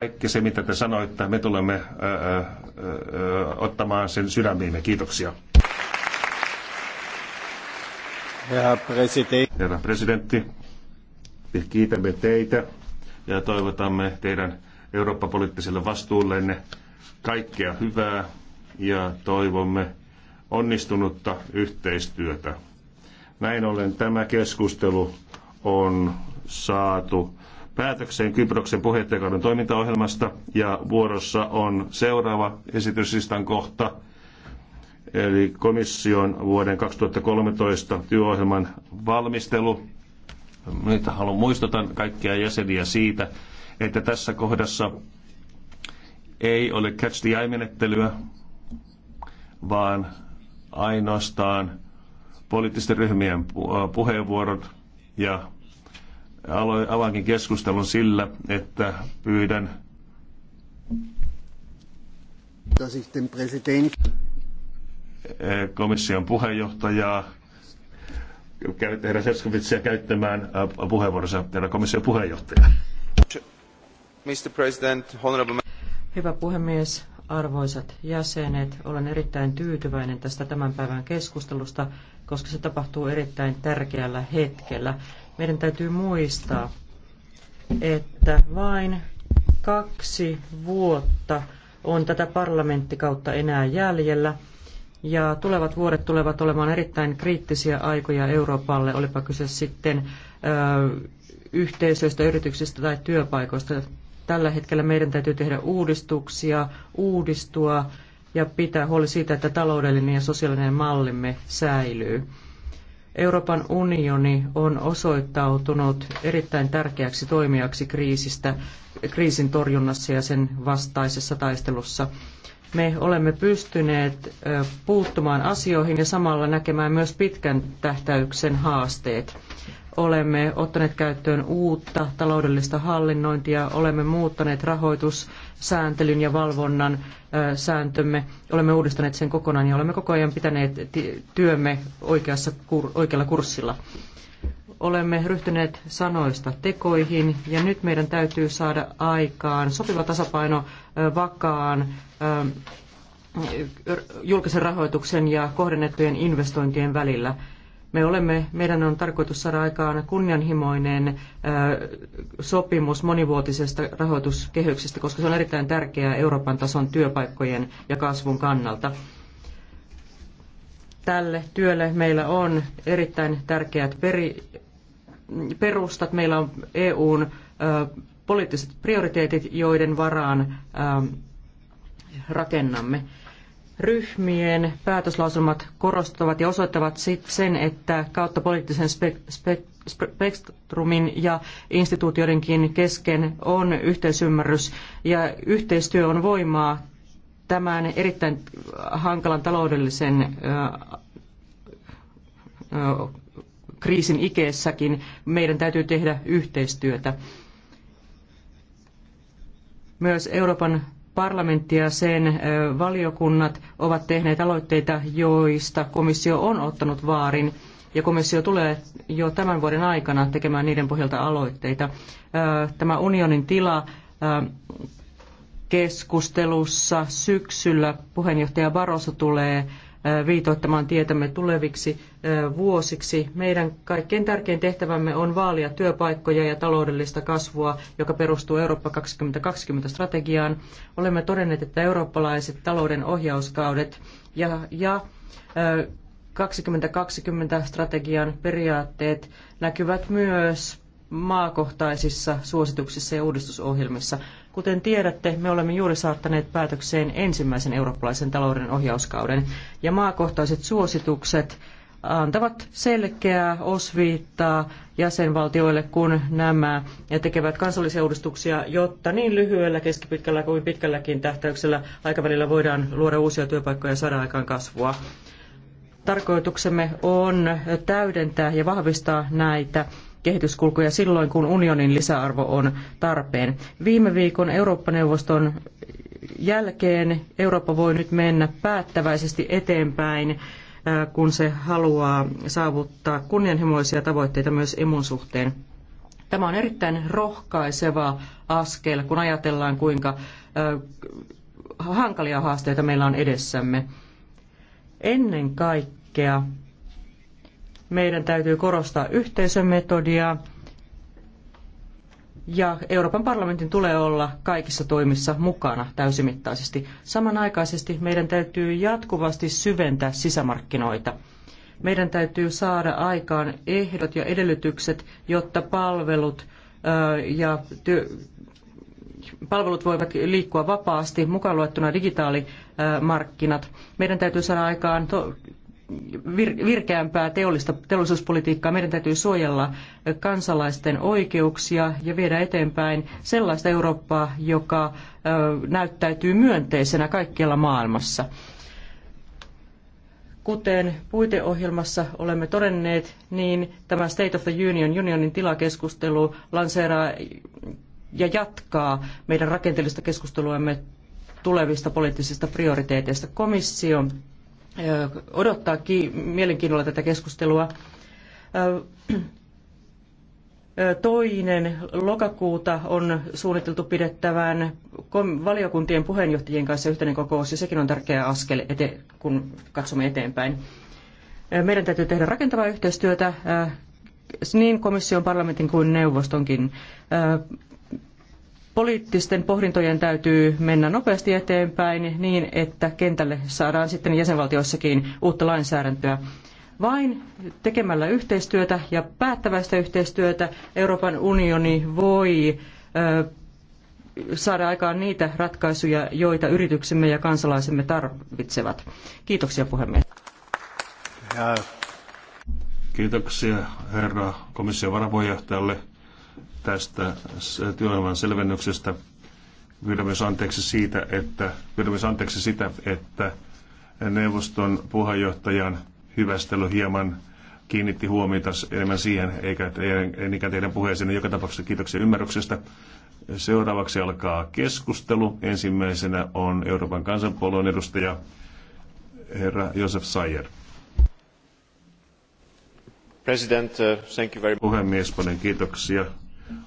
kaikki se, mitä te sanoitte, me tulemme ää, ää, ottamaan sen sydämiimme. Kiitoksia. Herra presidentti. Herra presidentti, me kiitämme teitä ja toivotamme teidän Eurooppa-poliittiselle vastuullenne kaikkea hyvää ja toivomme onnistunutta yhteistyötä. Näin ollen tämä keskustelu on saatu päätökseen Kyproksen puheenjohtajakauden toimintaohjelmasta ja vuorossa on seuraava esityslistan kohta, eli komission vuoden 2013 työohjelman valmistelu. Nyt haluan muistutan kaikkia jäseniä siitä, että tässä kohdassa ei ole catch the eye-menettelyä, vaan ainoastaan poliittisten ryhmien puheenvuorot ja Aloin, avaankin keskustelun sillä, että pyydän eh, komission puheenjohtajaa herra Seskovitsia käyttämään eh, puheenvuoronsa herra komission puheenjohtaja. Mr. President, honorable... Hyvä puhemies, arvoisat jäsenet, olen erittäin tyytyväinen tästä tämän päivän keskustelusta, koska se tapahtuu erittäin tärkeällä hetkellä meidän täytyy muistaa, että vain kaksi vuotta on tätä parlamenttikautta enää jäljellä. Ja tulevat vuodet tulevat olemaan erittäin kriittisiä aikoja Euroopalle, olipa kyse sitten ö, yhteisöistä, yrityksistä tai työpaikoista. Tällä hetkellä meidän täytyy tehdä uudistuksia, uudistua ja pitää huoli siitä, että taloudellinen ja sosiaalinen mallimme säilyy. Euroopan unioni on osoittautunut erittäin tärkeäksi toimijaksi kriisistä, kriisin torjunnassa ja sen vastaisessa taistelussa. Me olemme pystyneet puuttumaan asioihin ja samalla näkemään myös pitkän tähtäyksen haasteet olemme ottaneet käyttöön uutta taloudellista hallinnointia, olemme muuttaneet rahoitussääntelyn ja valvonnan sääntömme, olemme uudistaneet sen kokonaan ja olemme koko ajan pitäneet työmme oikeassa, oikealla kurssilla. Olemme ryhtyneet sanoista tekoihin ja nyt meidän täytyy saada aikaan sopiva tasapaino vakaan julkisen rahoituksen ja kohdennettujen investointien välillä – me olemme, meidän on tarkoitus saada aikaan kunnianhimoinen sopimus monivuotisesta rahoituskehyksestä, koska se on erittäin tärkeää Euroopan tason työpaikkojen ja kasvun kannalta. Tälle työlle meillä on erittäin tärkeät peri, perustat. Meillä on EUn poliittiset prioriteetit, joiden varaan rakennamme ryhmien päätöslauselmat korostavat ja osoittavat sen, että kautta poliittisen spektrumin ja instituutioidenkin kesken on yhteisymmärrys ja yhteistyö on voimaa tämän erittäin hankalan taloudellisen kriisin ikeessäkin meidän täytyy tehdä yhteistyötä. Myös Euroopan Parlamentti ja sen valiokunnat ovat tehneet aloitteita, joista komissio on ottanut vaarin ja komissio tulee jo tämän vuoden aikana tekemään niiden pohjalta aloitteita. Tämä unionin tila keskustelussa syksyllä puheenjohtaja Barroso tulee viitoittamaan tietämme tuleviksi vuosiksi. Meidän kaikkein tärkein tehtävämme on vaalia työpaikkoja ja taloudellista kasvua, joka perustuu Eurooppa 2020-strategiaan. Olemme todenneet, että eurooppalaiset talouden ohjauskaudet ja, ja 2020-strategian periaatteet näkyvät myös maakohtaisissa suosituksissa ja uudistusohjelmissa. Kuten tiedätte, me olemme juuri saattaneet päätökseen ensimmäisen eurooppalaisen talouden ohjauskauden, ja maakohtaiset suositukset antavat selkeää osviittaa jäsenvaltioille, kun nämä tekevät kansallisia uudistuksia, jotta niin lyhyellä, keskipitkällä kuin pitkälläkin tähtäyksellä aikavälillä voidaan luoda uusia työpaikkoja ja saada aikaan kasvua. Tarkoituksemme on täydentää ja vahvistaa näitä kehityskulkuja silloin, kun unionin lisäarvo on tarpeen. Viime viikon Eurooppa-neuvoston jälkeen Eurooppa voi nyt mennä päättäväisesti eteenpäin, äh, kun se haluaa saavuttaa kunnianhimoisia tavoitteita myös emun suhteen. Tämä on erittäin rohkaiseva askel, kun ajatellaan, kuinka äh, hankalia haasteita meillä on edessämme. Ennen kaikkea meidän täytyy korostaa yhteisömetodia ja Euroopan parlamentin tulee olla kaikissa toimissa mukana täysimittaisesti. Samanaikaisesti meidän täytyy jatkuvasti syventää sisämarkkinoita. Meidän täytyy saada aikaan ehdot ja edellytykset, jotta palvelut ja palvelut voivat liikkua vapaasti, mukaan luettuna digitaalimarkkinat. Meidän täytyy saada aikaan vir, virkeämpää teollista, teollisuuspolitiikkaa. Meidän täytyy suojella kansalaisten oikeuksia ja viedä eteenpäin sellaista Eurooppaa, joka näyttäytyy myönteisenä kaikkialla maailmassa. Kuten puiteohjelmassa olemme todenneet, niin tämä State of the Union, unionin tilakeskustelu, lanseeraa ja jatkaa meidän rakenteellista keskusteluamme tulevista poliittisista prioriteeteista. komissio odottaa mielenkiinnolla tätä keskustelua. Toinen lokakuuta on suunniteltu pidettävän valiokuntien puheenjohtajien kanssa yhteinen kokous, ja sekin on tärkeä askel, kun katsomme eteenpäin. Meidän täytyy tehdä rakentavaa yhteistyötä niin komission, parlamentin kuin neuvostonkin. Poliittisten pohdintojen täytyy mennä nopeasti eteenpäin niin, että kentälle saadaan sitten jäsenvaltioissakin uutta lainsäädäntöä. Vain tekemällä yhteistyötä ja päättäväistä yhteistyötä Euroopan unioni voi saada aikaan niitä ratkaisuja, joita yrityksemme ja kansalaisemme tarvitsevat. Kiitoksia puhemies. Kiitoksia herra komission varapuheenjohtajalle tästä työelämän selvennyksestä. Pyydän myös siis anteeksi siitä, että, pyydän myös siis anteeksi sitä, että neuvoston puheenjohtajan hyvästely hieman kiinnitti huomiota enemmän siihen, eikä niinkään teidän puheeseen. Niin joka tapauksessa kiitoksia ymmärryksestä. Seuraavaksi alkaa keskustelu. Ensimmäisenä on Euroopan kansanpuolueen edustaja herra Josef Sayer. President, uh, thank you very much. Puhemies, paljon kiitoksia.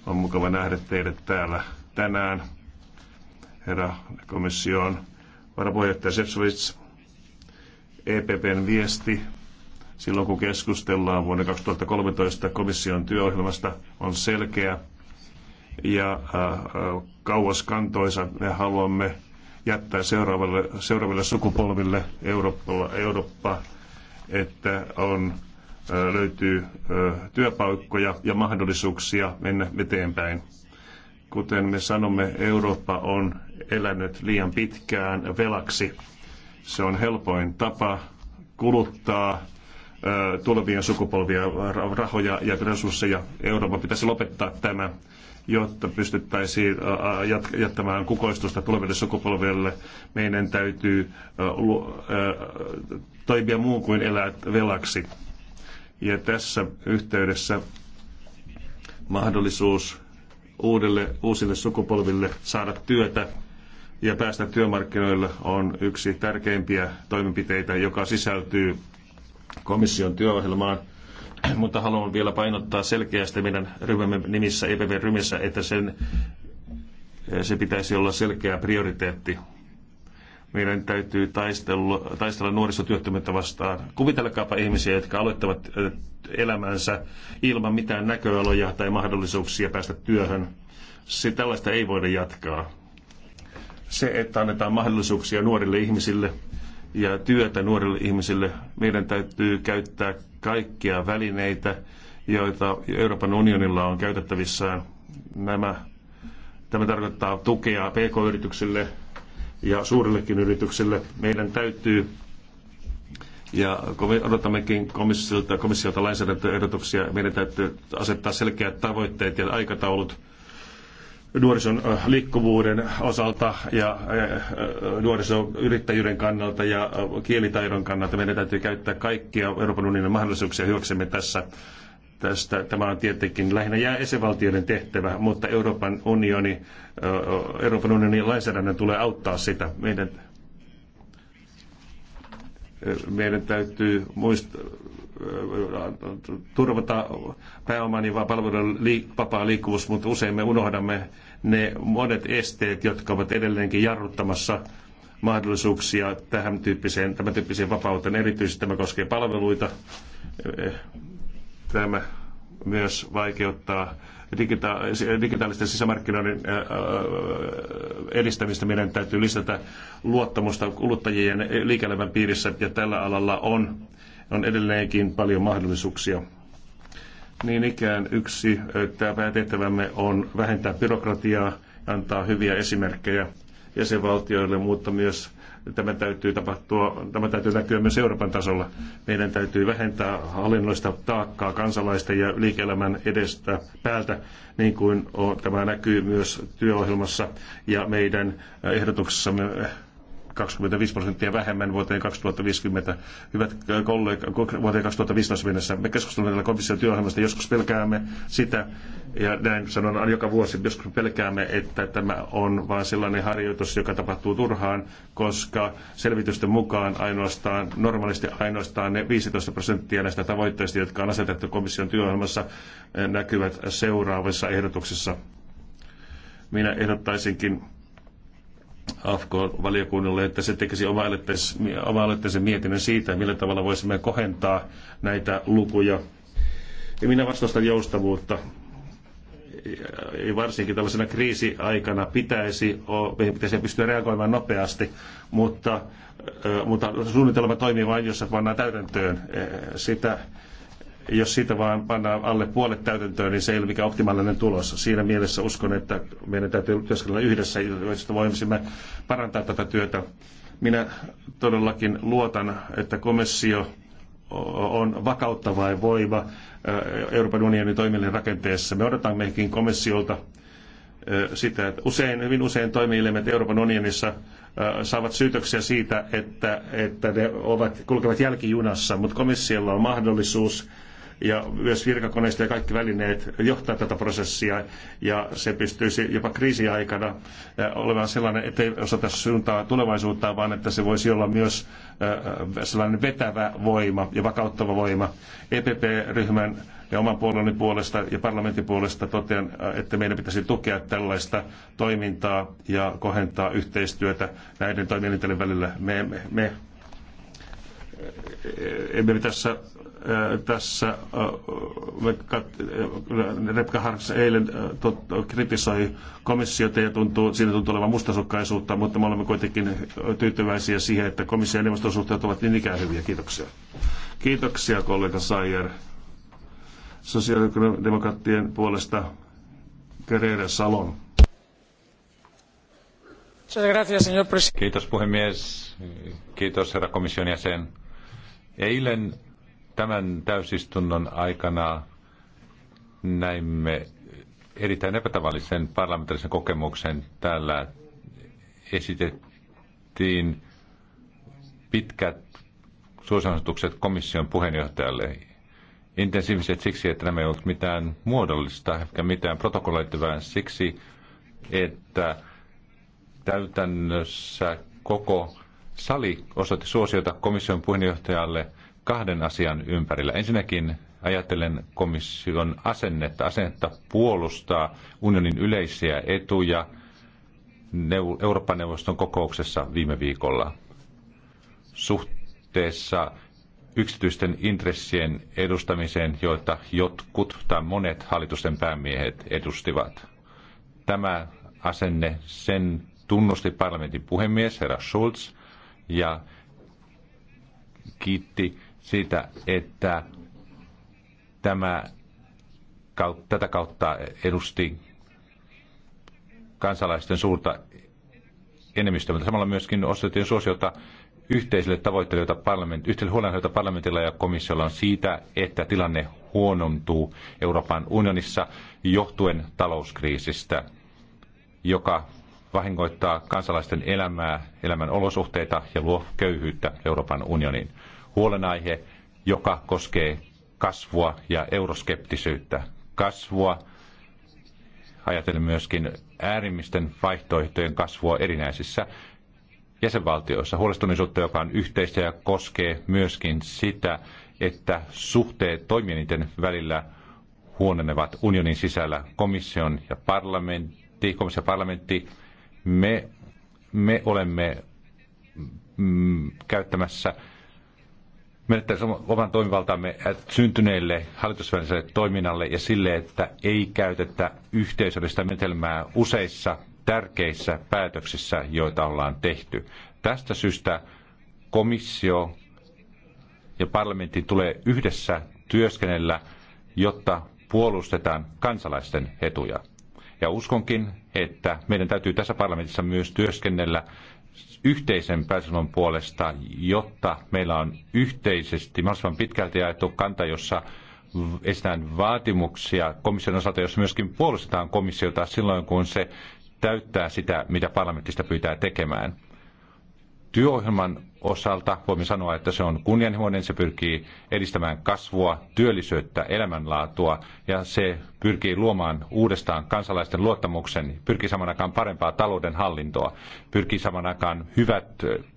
On mukava nähdä teidät täällä tänään, herra komission varapuheenjohtaja Sepsovits, EPPn viesti silloin, kun keskustellaan vuonna 2013 komission työohjelmasta, on selkeä ja äh, äh, kauas kantoisa, Me haluamme jättää seuraaville, seuraaville sukupolville Eurooppa, Eurooppa, että on löytyy työpaikkoja ja mahdollisuuksia mennä eteenpäin. Kuten me sanomme, Eurooppa on elänyt liian pitkään velaksi. Se on helpoin tapa kuluttaa tulevien sukupolvia rahoja ja resursseja. Eurooppa pitäisi lopettaa tämä, jotta pystyttäisiin jättämään kukoistusta tuleville sukupolville. Meidän täytyy toimia muun kuin elää velaksi. Ja tässä yhteydessä mahdollisuus uudelle, uusille sukupolville saada työtä ja päästä työmarkkinoille on yksi tärkeimpiä toimenpiteitä, joka sisältyy komission työohjelmaan. Mutta haluan vielä painottaa selkeästi meidän ryhmämme nimissä, EPV-ryhmissä, että sen, se pitäisi olla selkeä prioriteetti meidän täytyy taistella, taistella nuorisotyöttömyyttä vastaan. Kuvitelkaapa ihmisiä, jotka aloittavat elämänsä ilman mitään näköaloja tai mahdollisuuksia päästä työhön. Se, tällaista ei voida jatkaa. Se, että annetaan mahdollisuuksia nuorille ihmisille ja työtä nuorille ihmisille, meidän täytyy käyttää kaikkia välineitä, joita Euroopan unionilla on käytettävissään. Nämä, tämä tarkoittaa tukea pk-yrityksille, ja suurillekin yrityksille. Meidän täytyy ja odotammekin komissiolta, komissiolta lainsäädäntöehdotuksia. Meidän täytyy asettaa selkeät tavoitteet ja aikataulut nuorison äh, liikkuvuuden osalta ja äh, äh, yrittäjyyden kannalta ja kielitaidon kannalta. Meidän täytyy käyttää kaikkia Euroopan unionin mahdollisuuksia hyöksemme tässä tästä. Tämä on tietenkin lähinnä jäsenvaltioiden tehtävä, mutta Euroopan unioni, Euroopan unionin lainsäädännön tulee auttaa sitä. Meidän, meidän täytyy muistaa, turvata pääoman ja palveluiden liik- vapaa liikkuvuus, mutta usein me unohdamme ne monet esteet, jotka ovat edelleenkin jarruttamassa mahdollisuuksia tähän tyyppiseen, tämän tyyppiseen vapauteen. Erityisesti tämä koskee palveluita. Tämä myös vaikeuttaa digitaalisten sisämarkkinoiden edistämistä. Meidän täytyy lisätä luottamusta kuluttajien liike-elämän piirissä ja tällä alalla on, on edelleenkin paljon mahdollisuuksia. Niin ikään yksi tämä päätehtävämme on vähentää byrokratiaa ja antaa hyviä esimerkkejä jäsenvaltioille, mutta myös Tämä täytyy, tapahtua, tämä täytyy näkyä myös Euroopan tasolla. Meidän täytyy vähentää hallinnoista taakkaa kansalaisten ja liike-elämän edestä päältä, niin kuin on, tämä näkyy myös työohjelmassa ja meidän ehdotuksessamme 25 prosenttia vähemmän vuoteen 2050. Hyvät kollegat, vuoteen 2015 mennessä me keskustelemme täällä komission työohjelmasta. Joskus pelkäämme sitä, ja näin sanon joka vuosi, joskus pelkäämme, että tämä on vain sellainen harjoitus, joka tapahtuu turhaan, koska selvitysten mukaan ainoastaan, normaalisti ainoastaan ne 15 prosenttia näistä tavoitteista, jotka on asetettu komission työohjelmassa, eh, näkyvät seuraavissa ehdotuksissa. Minä ehdottaisinkin AFK-valiokunnalle, että se tekisi oma-aloitteisen mietinnön siitä, millä tavalla voisimme kohentaa näitä lukuja. Ja minä vastustan joustavuutta. Ja varsinkin tällaisena kriisiaikana pitäisi, pitäisi pystyä reagoimaan nopeasti, mutta, mutta suunnitelma toimii vain, jos pannaan täytäntöön sitä jos siitä vaan pannaan alle puolet täytäntöön, niin se ei ole mikään optimaalinen tulos. Siinä mielessä uskon, että meidän täytyy työskennellä yhdessä, joista voisimme parantaa tätä työtä. Minä todellakin luotan, että komissio on vakauttava ja voima äh, Euroopan unionin toimille rakenteessa. Me odotammekin komissiolta äh, sitä, että usein, hyvin usein toimielimet Euroopan unionissa äh, saavat syytöksiä siitä, että, että ne ovat, kulkevat jälkijunassa, mutta komissiolla on mahdollisuus ja myös virkakoneisto ja kaikki välineet johtaa tätä prosessia ja se pystyisi jopa kriisiaikana eh, olemaan sellainen, ettei osata suuntaa tulevaisuutta, vaan että se voisi olla myös eh, sellainen vetävä voima ja vakauttava voima. EPP-ryhmän ja oman puolueeni puolesta ja parlamentin puolesta totean, eh, että meidän pitäisi tukea tällaista toimintaa ja kohentaa yhteistyötä näiden toimielinten välillä. Me, me, me emme tässä tässä Rebecca Harms eilen kritisoi komissiota ja tuntuu, siinä tuntuu olevan mustasukkaisuutta, mutta me olemme kuitenkin tyytyväisiä siihen, että komission ja neuvoston suhteet ovat niin ikään hyviä. Kiitoksia. Kiitoksia kollega Sayer. Sosiaalidemokraattien puolesta Guerrero Salon. Kiitos puhemies. Kiitos herra komission jäsen. Eilen Tämän täysistunnon aikana näimme erittäin epätavallisen parlamentaarisen kokemuksen. Täällä esitettiin pitkät suosionnotukset komission puheenjohtajalle. Intensiiviset siksi, että nämä ei ollut mitään muodollista eikä mitään protokollaittavaa siksi, että täytännössä koko sali osoitti suosiota komission puheenjohtajalle – kahden asian ympärillä. Ensinnäkin ajattelen komission asennetta, asennetta puolustaa unionin yleisiä etuja Euroopan neuvoston kokouksessa viime viikolla suhteessa yksityisten intressien edustamiseen, joita jotkut tai monet hallitusten päämiehet edustivat. Tämä asenne, sen tunnusti parlamentin puhemies herra Schulz ja kiitti siitä, että tämä, tätä kautta edusti kansalaisten suurta enemmistöä, mutta samalla myöskin osoitettiin suosiota yhteisille tavoitteille, parlament, yhteisille huolenaiheille, parlamentilla ja komissiolla on siitä, että tilanne huonontuu Euroopan unionissa johtuen talouskriisistä, joka vahingoittaa kansalaisten elämää, elämän olosuhteita ja luo köyhyyttä Euroopan unioniin huolenaihe, joka koskee kasvua ja euroskeptisyyttä. Kasvua, ajatellen myöskin äärimmisten vaihtoehtojen kasvua erinäisissä jäsenvaltioissa. Huolestuneisuutta, joka on yhteistä ja koskee myöskin sitä, että suhteet toimielinten välillä huononevat unionin sisällä komission ja parlamentti, komission ja parlamentti, me, me olemme mm, käyttämässä menettäisi oman toimivaltamme äh, syntyneelle hallitusväliselle toiminnalle ja sille, että ei käytetä yhteisöllistä menetelmää useissa tärkeissä päätöksissä, joita ollaan tehty. Tästä syystä komissio ja parlamentti tulee yhdessä työskennellä, jotta puolustetaan kansalaisten etuja. Ja uskonkin, että meidän täytyy tässä parlamentissa myös työskennellä yhteisen pääsylön puolesta, jotta meillä on yhteisesti mahdollisimman pitkälti jaettu kanta, jossa esitään vaatimuksia komission osalta, jossa myöskin puolustetaan komissiota silloin, kun se täyttää sitä, mitä parlamentista pyytää tekemään työohjelman osalta voimme sanoa, että se on kunnianhimoinen, se pyrkii edistämään kasvua, työllisyyttä, elämänlaatua ja se pyrkii luomaan uudestaan kansalaisten luottamuksen, pyrkii saman aikaan parempaa talouden hallintoa, pyrkii saman aikaan hyvät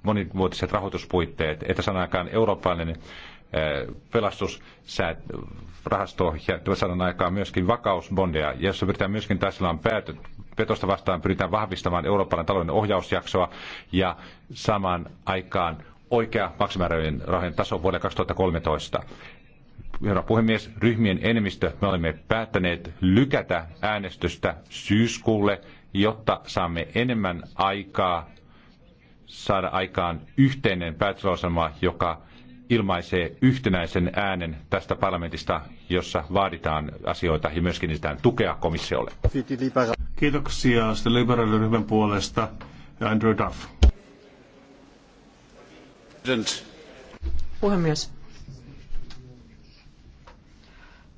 monivuotiset rahoituspuitteet, että saman aikaan eurooppalainen pelastusrahasto ja saadaan aikaan myöskin vakausbondeja, jossa pyritään myöskin taistellaan petosta vastaan pyritään vahvistamaan Euroopan talouden ohjausjaksoa ja samaan aikaan oikea maksimääräinen rahojen taso vuonna 2013. Herra puhemies, ryhmien enemmistö me olemme päättäneet lykätä äänestystä syyskuulle, jotta saamme enemmän aikaa saada aikaan yhteinen päätöslauselma, joka ilmaisee yhtenäisen äänen tästä parlamentista, jossa vaaditaan asioita ja myöskin niitä tukea komissiolle. Kiitoksia sitten liberaaliryhmän puolesta ja Andrew Duff. Puhemies.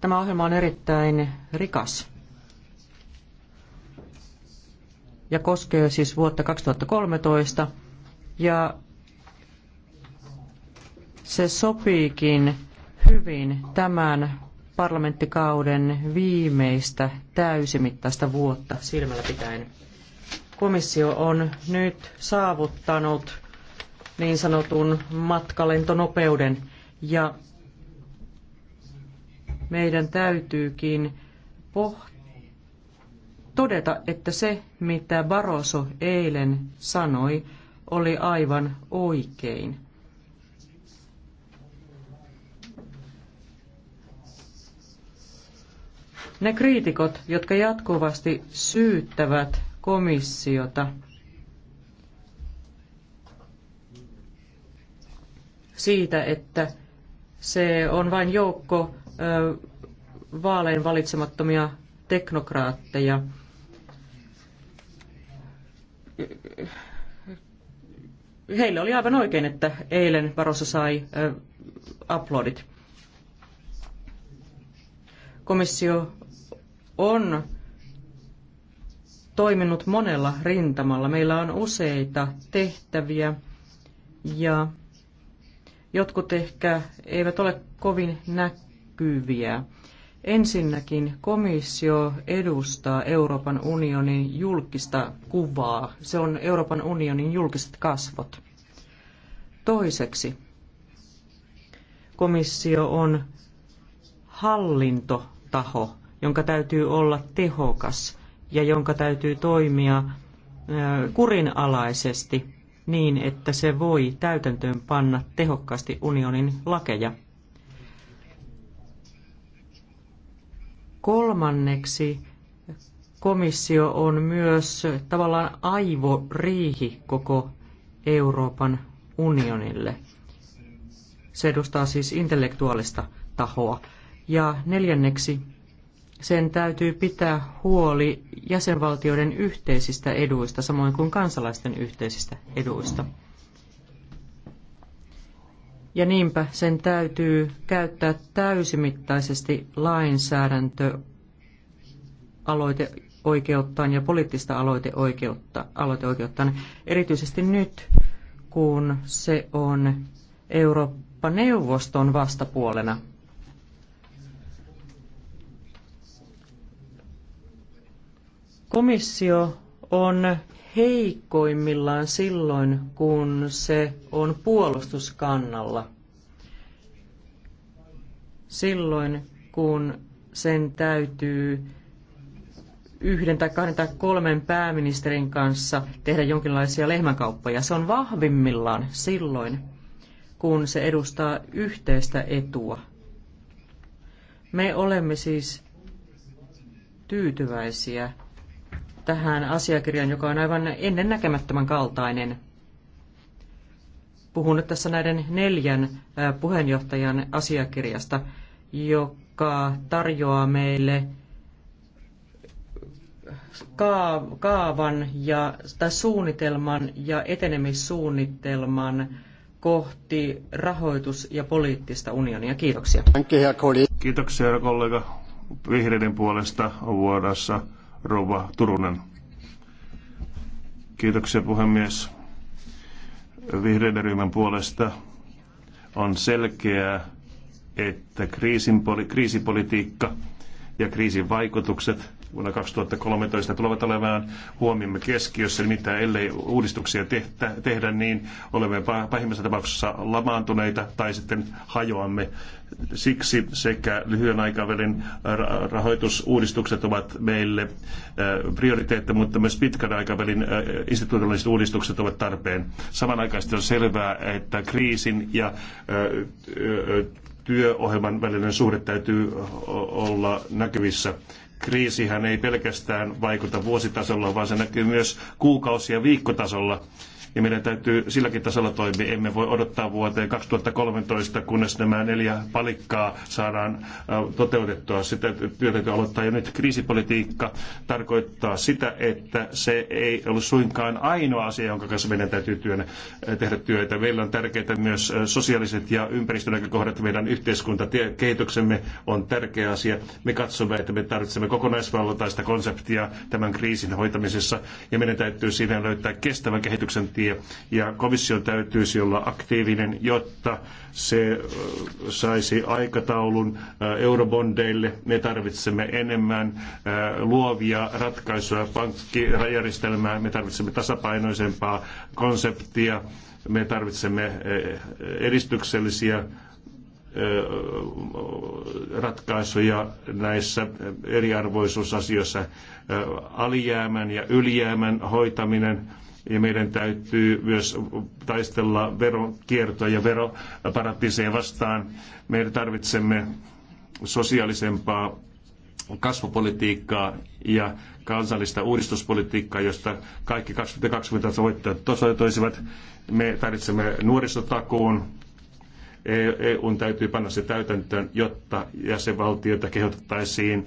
Tämä ohjelma on erittäin rikas ja koskee siis vuotta 2013 ja se sopiikin hyvin tämän parlamenttikauden viimeistä täysimittaista vuotta silmällä pitäen. Komissio on nyt saavuttanut niin sanotun matkalentonopeuden ja meidän täytyykin todeta, että se, mitä Barroso eilen sanoi, oli aivan oikein. Ne kriitikot, jotka jatkuvasti syyttävät komissiota siitä, että se on vain joukko ö, vaalein valitsemattomia teknokraatteja. Heille oli aivan oikein, että eilen Varossa sai ö, uploadit. Komissio on toiminut monella rintamalla. Meillä on useita tehtäviä ja jotkut ehkä eivät ole kovin näkyviä. Ensinnäkin komissio edustaa Euroopan unionin julkista kuvaa. Se on Euroopan unionin julkiset kasvot. Toiseksi komissio on hallintotaho jonka täytyy olla tehokas ja jonka täytyy toimia kurinalaisesti niin, että se voi täytäntöön panna tehokkaasti unionin lakeja. Kolmanneksi komissio on myös tavallaan aivoriihi koko Euroopan unionille. Se edustaa siis intellektuaalista tahoa. Ja neljänneksi sen täytyy pitää huoli jäsenvaltioiden yhteisistä eduista, samoin kuin kansalaisten yhteisistä eduista. Ja niinpä sen täytyy käyttää täysimittaisesti lainsäädäntö aloiteoikeuttaan ja poliittista aloiteoikeutta, aloiteoikeuttaan, erityisesti nyt, kun se on Eurooppa-neuvoston vastapuolena – Komissio on heikoimmillaan silloin, kun se on puolustuskannalla. Silloin, kun sen täytyy yhden tai kahden tai kolmen pääministerin kanssa tehdä jonkinlaisia lehmänkauppoja. Se on vahvimmillaan silloin, kun se edustaa yhteistä etua. Me olemme siis tyytyväisiä tähän asiakirjaan, joka on aivan ennennäkemättömän kaltainen. Puhun nyt tässä näiden neljän puheenjohtajan asiakirjasta, joka tarjoaa meille kaavan ja, tai suunnitelman ja etenemissuunnitelman kohti rahoitus- ja poliittista unionia. Kiitoksia. Kiitoksia kollega vihreiden puolesta vuorossa rouva Turunen. Kiitoksia puhemies. Vihreiden ryhmän puolesta on selkeää, että kriisipolitiikka ja kriisin vaikutukset vuonna 2013 tulevat olemaan huomimme keskiössä, nimittäin ellei uudistuksia tehtä, tehdä, niin olemme pahimmassa tapauksessa lamaantuneita tai sitten hajoamme. Siksi sekä lyhyen aikavälin rahoitusuudistukset ovat meille äh, prioriteetti, mutta myös pitkän aikavälin äh, institutionaaliset uudistukset ovat tarpeen. Samanaikaisesti on selvää, että kriisin ja äh, työohjelman välinen suhde täytyy olla näkyvissä kriisihän ei pelkästään vaikuta vuositasolla, vaan se näkyy myös kuukausi- ja viikkotasolla ja meidän täytyy silläkin tasolla toimia. Emme voi odottaa vuoteen 2013, kunnes nämä neljä palikkaa saadaan äh, toteutettua. Sitä työtä täytyy aloittaa jo nyt. Kriisipolitiikka tarkoittaa sitä, että se ei ole suinkaan ainoa asia, jonka kanssa meidän täytyy työn, äh, tehdä työtä. Meillä on tärkeitä myös äh, sosiaaliset ja ympäristönäkökohdat. Meidän yhteiskuntakehityksemme on tärkeä asia. Me katsomme, että me tarvitsemme kokonaisvaltaista konseptia tämän kriisin hoitamisessa ja meidän täytyy siinä löytää kestävän kehityksen tie läpi ja komission täytyisi olla aktiivinen, jotta se saisi aikataulun eurobondeille. Me tarvitsemme enemmän luovia ratkaisuja pankkirajärjestelmään, me tarvitsemme tasapainoisempaa konseptia, me tarvitsemme edistyksellisiä ratkaisuja näissä eriarvoisuusasioissa, alijäämän ja ylijäämän hoitaminen ja meidän täytyy myös taistella veronkiertoa ja veroparatiiseja vastaan. Me tarvitsemme sosiaalisempaa kasvupolitiikkaa ja kansallista uudistuspolitiikkaa, josta kaikki 2020 voittajat toisivat. Me tarvitsemme nuorisotakuun. EU e täytyy panna se täytäntöön, jotta jäsenvaltioita kehotettaisiin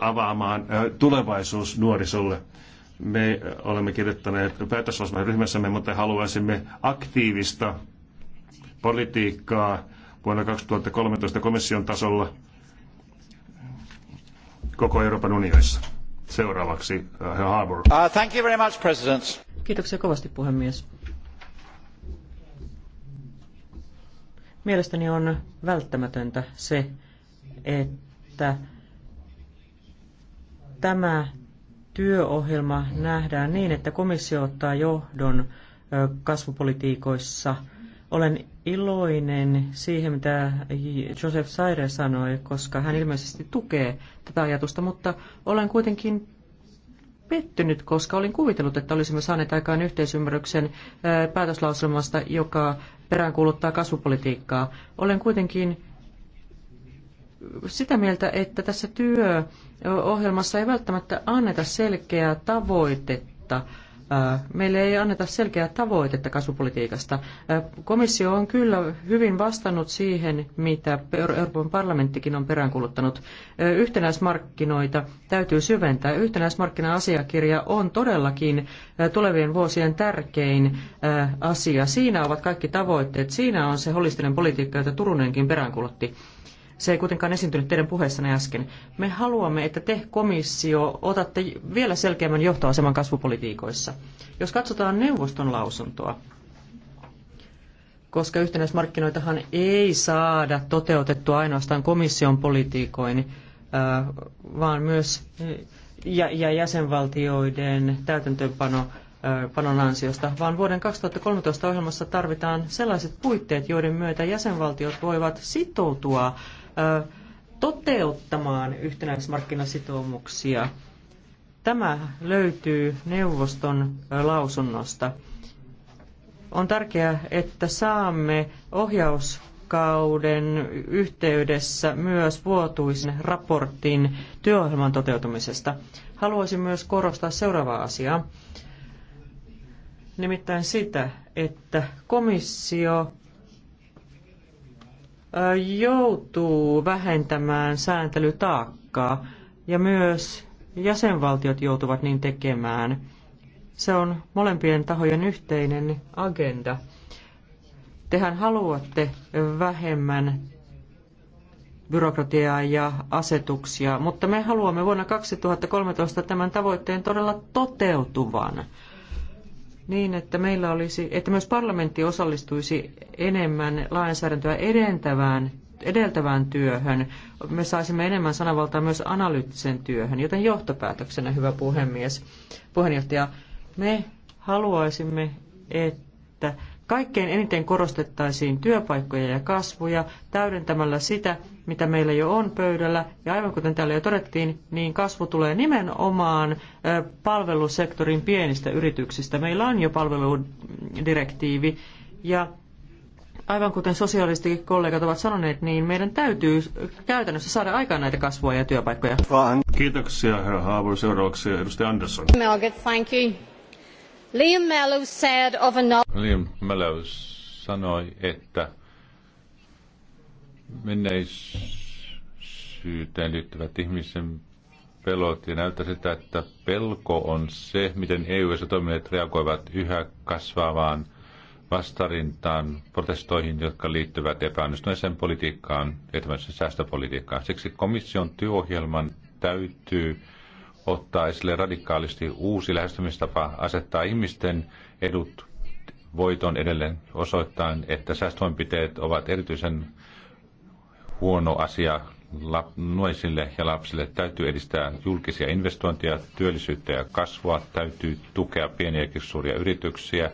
avaamaan tulevaisuus nuorisolle. Me olemme kirjoittaneet päätöslausuman ryhmässämme, mutta haluaisimme aktiivista politiikkaa vuonna 2013 komission tasolla koko Euroopan unionissa. Seuraavaksi äh, Herr Harbour. Uh, thank you very much, President. Kiitoksia kovasti, puhemies. Mielestäni on välttämätöntä se, että tämä työohjelma nähdään niin, että komissio ottaa johdon kasvupolitiikoissa. Olen iloinen siihen, mitä Joseph Saire sanoi, koska hän ilmeisesti tukee tätä ajatusta, mutta olen kuitenkin pettynyt, koska olin kuvitellut, että olisimme saaneet aikaan yhteisymmärryksen päätöslauselmasta, joka peräänkuuluttaa kasvupolitiikkaa. Olen kuitenkin sitä mieltä, että tässä työohjelmassa ei välttämättä anneta selkeää tavoitetta Meille ei anneta selkeää tavoitetta kasvupolitiikasta. Komissio on kyllä hyvin vastannut siihen, mitä Euroopan parlamenttikin on peräänkuluttanut. Yhtenäismarkkinoita täytyy syventää. Yhtenäismarkkina-asiakirja on todellakin tulevien vuosien tärkein asia. Siinä ovat kaikki tavoitteet. Siinä on se holistinen politiikka, jota Turunenkin peräänkulutti. Se ei kuitenkaan esiintynyt teidän puheessanne äsken. Me haluamme, että te komissio otatte vielä selkeämmän johtoaseman kasvupolitiikoissa. Jos katsotaan neuvoston lausuntoa, koska yhtenäismarkkinoitahan ei saada toteutettua ainoastaan komission politiikoin, vaan myös ja, ja jäsenvaltioiden täytäntöönpano panon ansiosta, vaan vuoden 2013 ohjelmassa tarvitaan sellaiset puitteet, joiden myötä jäsenvaltiot voivat sitoutua toteuttamaan yhtenäismarkkinasitoumuksia. Tämä löytyy neuvoston lausunnosta. On tärkeää, että saamme ohjauskauden yhteydessä myös vuotuisen raportin työohjelman toteutumisesta. Haluaisin myös korostaa seuraavaa asiaa, nimittäin sitä, että komissio joutuu vähentämään sääntelytaakkaa ja myös jäsenvaltiot joutuvat niin tekemään. Se on molempien tahojen yhteinen agenda. Tehän haluatte vähemmän byrokratiaa ja asetuksia, mutta me haluamme vuonna 2013 tämän tavoitteen todella toteutuvan niin, että meillä olisi, että myös parlamentti osallistuisi enemmän lainsäädäntöä edentävään, edeltävään työhön. Me saisimme enemmän sanavaltaa myös analyyttiseen työhön, joten johtopäätöksenä, hyvä puhemies, puheenjohtaja, me haluaisimme, että Kaikkein eniten korostettaisiin työpaikkoja ja kasvuja täydentämällä sitä, mitä meillä jo on pöydällä. Ja aivan kuten täällä jo todettiin, niin kasvu tulee nimenomaan palvelusektorin pienistä yrityksistä. Meillä on jo palveludirektiivi ja aivan kuten sosiaalistikin kollegat ovat sanoneet, niin meidän täytyy käytännössä saada aikaan näitä kasvua ja työpaikkoja. Kiitoksia, herra Haavur. Seuraavaksi edustaja Andersson. thank you. Liam Mellows said of a novel... Liam sanoi, että menneisyyteen liittyvät ihmisen pelot ja näyttää sitä, että pelko on se, miten EU ja toimijat reagoivat yhä kasvavaan vastarintaan, protestoihin, jotka liittyvät epäonnistuneeseen politiikkaan, etemässä säästöpolitiikkaan. Siksi komission työohjelman täytyy ottaa esille radikaalisti uusi lähestymistapa asettaa ihmisten edut voiton edelleen osoittain, että säästöimpiteet ovat erityisen huono asia nuisille ja lapsille. Täytyy edistää julkisia investointeja, työllisyyttä ja kasvua, täytyy tukea pieniä ja suuria yrityksiä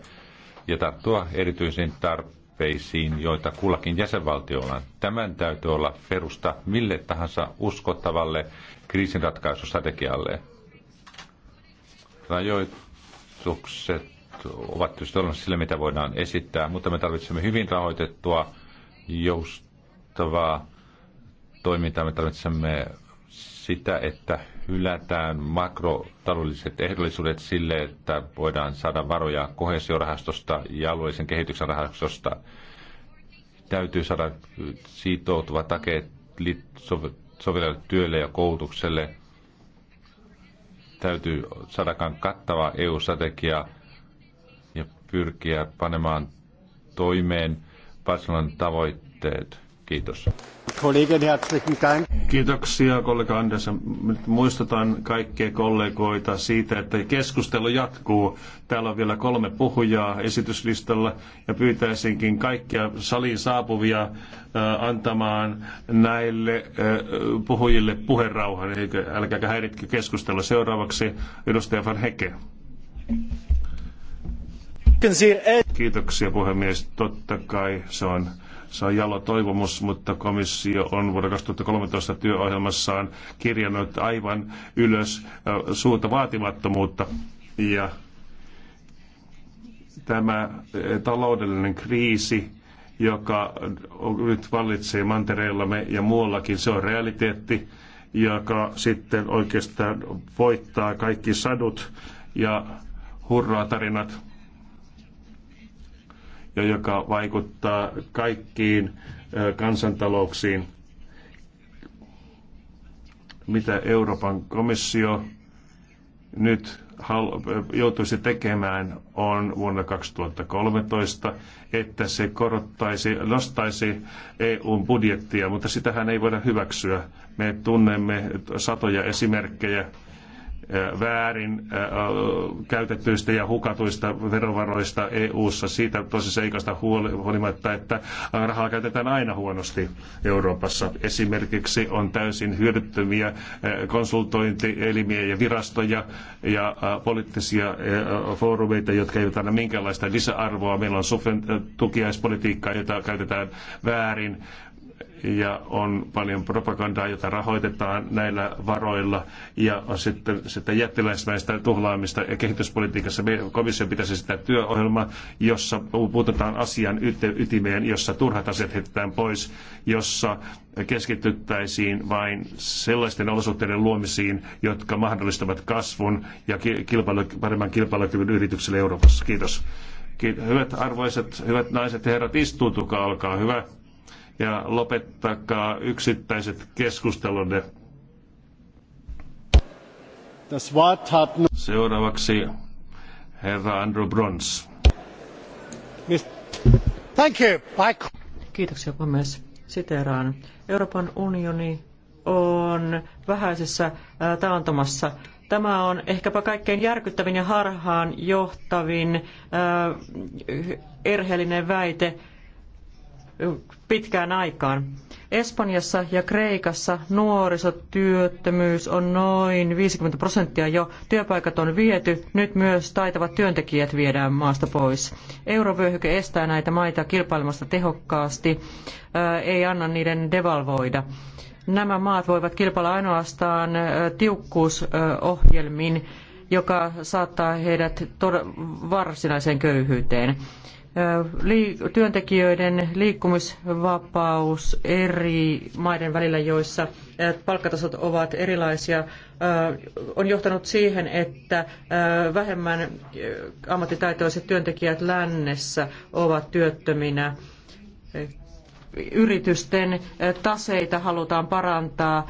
ja tarttua erityisiin tarpeisiin tarpeisiin, joita kullakin jäsenvaltiolla on. Tämän täytyy olla perusta mille tahansa uskottavalle kriisinratkaisustrategialle. Rajoitukset ovat tietysti olemassa sille, mitä voidaan esittää, mutta me tarvitsemme hyvin rahoitettua, joustavaa toimintaa. Me tarvitsemme sitä, että hylätään makrotaloudelliset ehdollisuudet sille, että voidaan saada varoja kohesiorahastosta ja alueellisen kehityksen rahastosta. Täytyy saada sitoutuva takeet sovelletulle työlle ja koulutukselle. Täytyy saadakaan kattava EU-strategia ja pyrkiä panemaan toimeen Barcelonan tavoitteet. Kiitos. Kiitoksia kollega Andersen. Nyt muistutan kaikkia kollegoita siitä, että keskustelu jatkuu. Täällä on vielä kolme puhujaa esityslistalla ja pyytäisinkin kaikkia saliin saapuvia antamaan näille puhujille puherauhan. Älkääkä häiritkö keskustelua. Seuraavaksi edustaja Van Heke. Kiitoksia puhemies. Totta kai se on, se on jalo toivomus, mutta komissio on vuonna 2013 työohjelmassaan kirjannut aivan ylös suurta vaatimattomuutta. Ja tämä taloudellinen kriisi, joka nyt vallitsee mantereillamme ja muuallakin, se on realiteetti, joka sitten oikeastaan voittaa kaikki sadut ja hurraa tarinat ja joka vaikuttaa kaikkiin kansantalouksiin. Mitä Euroopan komissio nyt joutuisi tekemään on vuonna 2013, että se korottaisi, nostaisi EUn budjettia, mutta sitähän ei voida hyväksyä. Me tunnemme satoja esimerkkejä väärin käytettyistä ja hukatuista verovaroista EU-ssa siitä tosiseikasta huolimatta, että rahaa käytetään aina huonosti Euroopassa. Esimerkiksi on täysin hyödyttömiä konsultointielimiä ja virastoja ja poliittisia foorumeita, jotka eivät anna minkäänlaista lisäarvoa. Meillä on tukiaispolitiikkaa, jota käytetään väärin ja on paljon propagandaa, jota rahoitetaan näillä varoilla ja sitten, sitä jättiläismäistä tuhlaamista ja kehityspolitiikassa komissio pitäisi sitä työohjelmaa, jossa puututaan asian ytimeen, jossa turhat asiat heitetään pois, jossa keskityttäisiin vain sellaisten olosuhteiden luomisiin, jotka mahdollistavat kasvun ja kilpailu, paremman kilpailukyvyn yrityksille Euroopassa. Kiitos. Hyvät arvoiset, hyvät naiset ja herrat, istuutukaa, olkaa hyvä ja lopettakaa yksittäiset keskustelunne. Seuraavaksi herra Andrew Brons. Thank you. Kiitoksia puhemies. Siteraan. Euroopan unioni on vähäisessä taantumassa. Tämä on ehkäpä kaikkein järkyttävin ja harhaan johtavin erheellinen väite pitkään aikaan. Espanjassa ja Kreikassa nuorisotyöttömyys on noin 50 prosenttia jo. Työpaikat on viety, nyt myös taitavat työntekijät viedään maasta pois. Eurovyöhyke estää näitä maita kilpailemasta tehokkaasti, ei anna niiden devalvoida. Nämä maat voivat kilpailla ainoastaan tiukkuusohjelmin, joka saattaa heidät varsinaiseen köyhyyteen työntekijöiden liikkumisvapaus eri maiden välillä, joissa palkkatasot ovat erilaisia, on johtanut siihen, että vähemmän ammattitaitoiset työntekijät lännessä ovat työttöminä. Yritysten taseita halutaan parantaa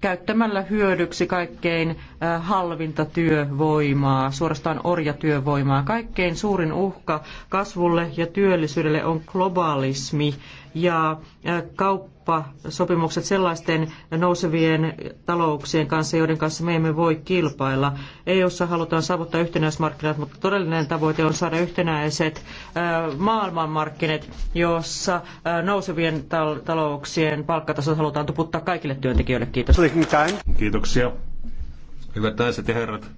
käyttämällä hyödyksi kaikkein halvinta työvoimaa, suorastaan orjatyövoimaa. Kaikkein suurin uhka kasvulle ja työllisyydelle on globalismi ja kauppa kauppasopimukset sellaisten nousevien talouksien kanssa, joiden kanssa me emme voi kilpailla. EU:ssa halutaan saavuttaa yhtenäismarkkinat, mutta todellinen tavoite on saada yhtenäiset maailmanmarkkinat, jossa nousevien talouksien palkkatasot halutaan tuputtaa kaikille työntekijöille. Kiitos. Kiitoksia. Hyvät naiset ja herrat,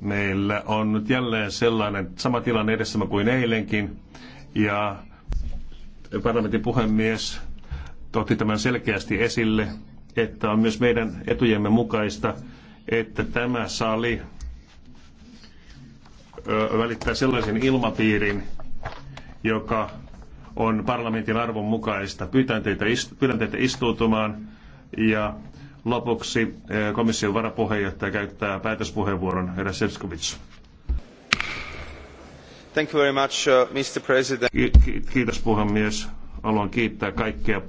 meillä on nyt jälleen sellainen sama tilanne edessämme kuin eilenkin. Ja parlamentin puhemies otti tämän selkeästi esille, että on myös meidän etujemme mukaista, että tämä sali välittää sellaisen ilmapiirin, joka on parlamentin arvon mukaista. Pyydän teitä, pyydän teitä istuutumaan ja lopuksi komission varapuheenjohtaja käyttää päätöspuheenvuoron, herra Sefcovic. Thank you very much, uh, Mr. President. Ki- kiitos puhemies haluan kiittää kaikkia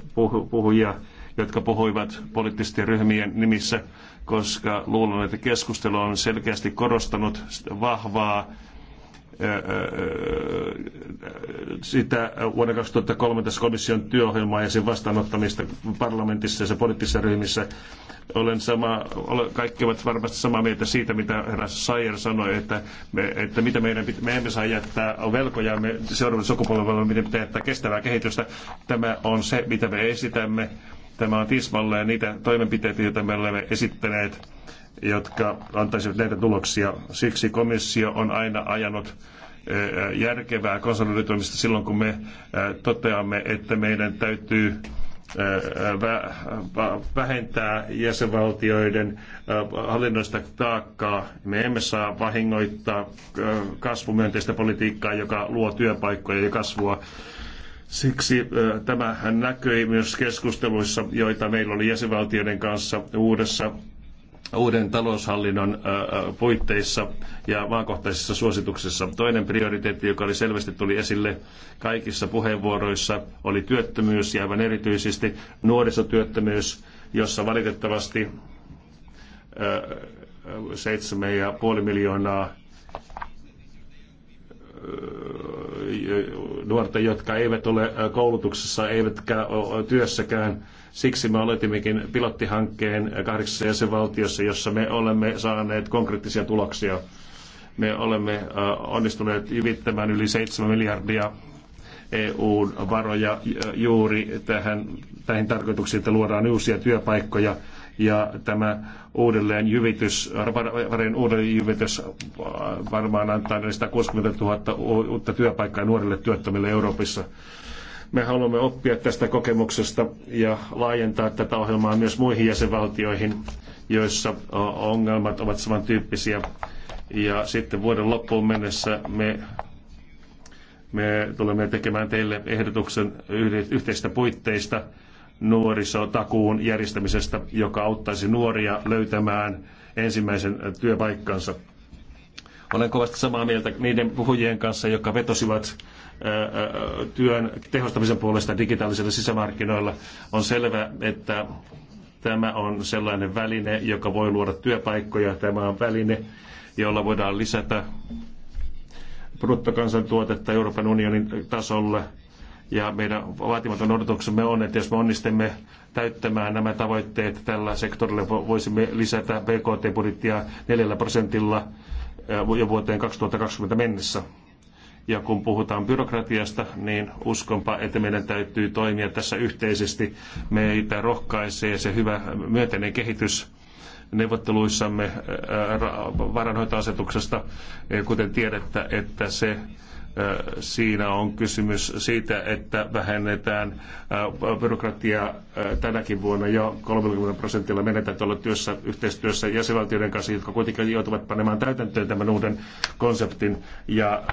puhujia, jotka puhuivat poliittisten ryhmien nimissä, koska luulen, että keskustelu on selkeästi korostanut vahvaa sitä vuonna tässä komission työohjelmaa ja sen vastaanottamista parlamentissa ja sen poliittisissa ryhmissä. Olen sama, kaikki ovat varmasti samaa mieltä siitä, mitä herra Sayer sanoi, että, me, että mitä meidän, me emme saa jättää velkoja me seuraavalle sukupolvelle, miten pitää jättää kestävää kehitystä. Tämä on se, mitä me esitämme. Tämä on tismalleen niitä toimenpiteitä, joita me olemme esittäneet jotka antaisivat näitä tuloksia. Siksi komissio on aina ajanut eh, järkevää konsolidoitumista silloin, kun me eh, toteamme, että meidän täytyy eh, vähentää jäsenvaltioiden hallinnoista taakkaa. Me emme saa vahingoittaa kasvumyönteistä politiikkaa, joka luo työpaikkoja ja kasvua. Siksi tämä näkyi myös keskusteluissa, joita meillä oli jäsenvaltioiden kanssa uudessa uuden taloushallinnon puitteissa ja maakohtaisissa suosituksissa. Toinen prioriteetti, joka oli selvästi tuli esille kaikissa puheenvuoroissa, oli työttömyys ja aivan erityisesti nuorisotyöttömyys, jossa valitettavasti 7,5 miljoonaa nuorta, jotka eivät ole koulutuksessa eivätkä ole työssäkään. Siksi me oletimmekin pilottihankkeen kahdeksassa jäsenvaltiossa, jossa me olemme saaneet konkreettisia tuloksia. Me olemme onnistuneet ylittämään yli 7 miljardia EU-varoja juuri tähän, tähän tarkoituksiin, että luodaan uusia työpaikkoja ja tämä uudelleen jyvitys, varojen uudelleen jyvitys äh, varmaan antaa 460 000 uutta työpaikkaa nuorille työttömille Euroopissa. Me haluamme oppia tästä kokemuksesta ja laajentaa tätä ohjelmaa myös muihin jäsenvaltioihin, joissa ongelmat ovat samantyyppisiä. Ja sitten vuoden loppuun mennessä me me tulemme tekemään teille ehdotuksen yhteistä puitteista nuorisotakuun järjestämisestä, joka auttaisi nuoria löytämään ensimmäisen työpaikkansa. Olen kovasti samaa mieltä niiden puhujien kanssa, jotka vetosivat työn tehostamisen puolesta digitaalisilla sisämarkkinoilla. On selvää, että tämä on sellainen väline, joka voi luoda työpaikkoja. Tämä on väline, jolla voidaan lisätä bruttokansantuotetta Euroopan unionin tasolle ja meidän vaatimaton odotuksemme on, että jos me onnistumme täyttämään nämä tavoitteet tällä sektorilla, voisimme lisätä BKT-budjettia 4 prosentilla jo vuoteen 2020 mennessä. Ja kun puhutaan byrokratiasta, niin uskonpa, että meidän täytyy toimia tässä yhteisesti. Meitä rohkaisee se hyvä myönteinen kehitys neuvotteluissamme varanhoitoasetuksesta, kuten tiedätte, että se siinä on kysymys siitä, että vähennetään byrokratiaa tänäkin vuonna jo 30 prosentilla. Meidän tuolla työssä, yhteistyössä jäsenvaltioiden kanssa, jotka kuitenkin joutuvat panemaan täytäntöön tämän uuden konseptin, ja,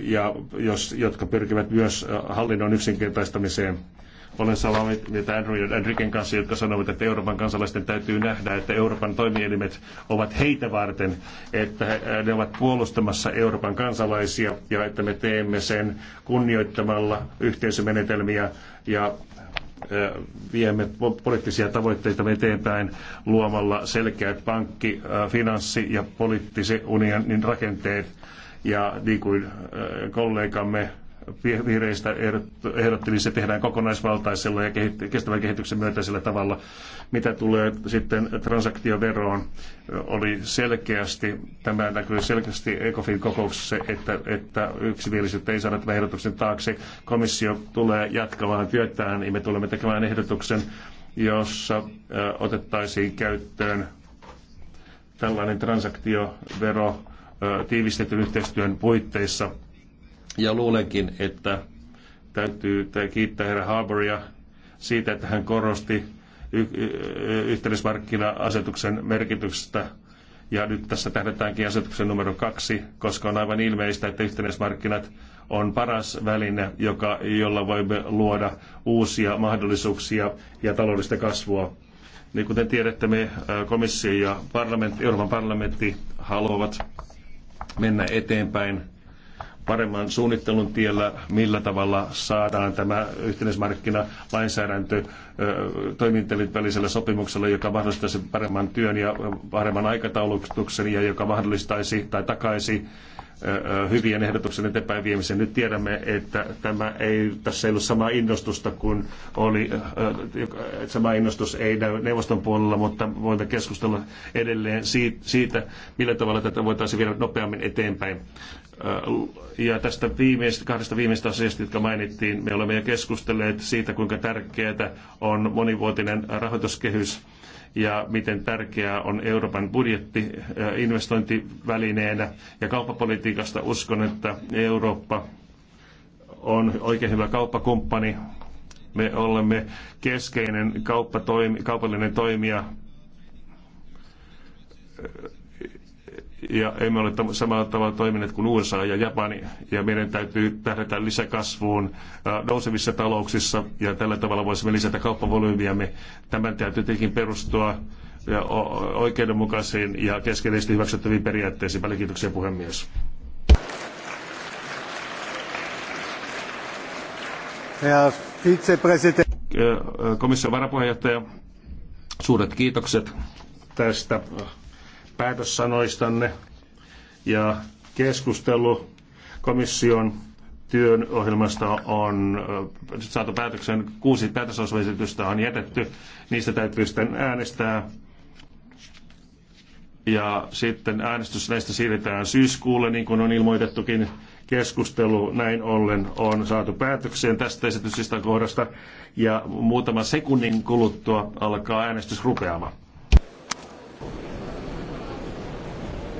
ja jos, jotka pyrkivät myös hallinnon yksinkertaistamiseen. Olen samaa mieltä Andrew ja Andriken kanssa, jotka sanovat, että Euroopan kansalaisten täytyy nähdä, että Euroopan toimielimet ovat heitä varten, että ne ovat puolustamassa Euroopan kansalaisia ja että me teemme sen kunnioittamalla yhteisömenetelmiä ja viemme poliittisia tavoitteita eteenpäin luomalla selkeät pankki-, finanssi- ja poliittisen unionin rakenteet. Ja niin kuin kollegamme vihreistä ehdotti, niin se tehdään kokonaisvaltaisella ja kestävän kehityksen myötäisellä tavalla. Mitä tulee sitten transaktioveroon, oli selkeästi, tämä näkyy selkeästi ECOFIN kokouksessa, että, että yksimielisyyttä ei saada tämän ehdotuksen taakse. Komissio tulee jatkamaan työtään, niin me tulemme tekemään ehdotuksen, jossa otettaisiin käyttöön tällainen transaktiovero tiivistetyn yhteistyön puitteissa ja luulenkin, että täytyy kiittää herra Harboria siitä, että hän korosti y- y- yhteismarkkina-asetuksen merkityksestä ja nyt tässä tähdetäänkin asetuksen numero kaksi, koska on aivan ilmeistä, että yhteismarkkinat on paras väline, joka, jolla voimme luoda uusia mahdollisuuksia ja taloudellista kasvua. Niin kuten tiedätte, me komissio ja parlamentti, Euroopan parlamentti haluavat mennä eteenpäin paremman suunnittelun tiellä, millä tavalla saadaan tämä yhteismarkkina lainsäädäntö toimintelit välisellä sopimuksella, joka mahdollistaisi paremman työn ja paremman aikataulutuksen ja joka mahdollistaisi tai takaisi hyvien ehdotuksen eteenpäin viemisen. Nyt tiedämme, että tämä ei, tässä ei ollut samaa innostusta kuin oli, sama innostus ei näy neuvoston puolella, mutta voimme keskustella edelleen siitä, millä tavalla tätä voitaisiin viedä nopeammin eteenpäin. Ja tästä viimeistä, kahdesta viimeistä asiasta, jotka mainittiin, me olemme jo keskustelleet siitä, kuinka tärkeää on monivuotinen rahoituskehys ja miten tärkeää on Euroopan budjetti investointivälineenä. Ja kauppapolitiikasta uskon, että Eurooppa on oikein hyvä kauppakumppani. Me olemme keskeinen kauppatoimi, kaupallinen toimija ja emme ole samalla tavalla toimineet kuin USA ja Japani, ja meidän täytyy tähdätä lisäkasvuun nousevissa talouksissa, ja tällä tavalla voisimme lisätä kauppavolyymiämme. Tämän täytyy tietenkin perustua oikeudenmukaisiin ja keskeisesti hyväksyttäviin periaatteisiin. Paljon kiitoksia puhemies. Komission varapuheenjohtaja, suuret kiitokset tästä päätössanoistanne ja keskustelu komission työn ohjelmasta on äh, saatu päätöksen. Kuusi päätösosvesitystä on jätetty. Niistä täytyy sitten äänestää. Ja sitten äänestys näistä siirretään syyskuulle, niin kuin on ilmoitettukin. Keskustelu näin ollen on saatu päätökseen tästä esityksestä kohdasta. Ja muutama sekunnin kuluttua alkaa äänestys rupeamaan.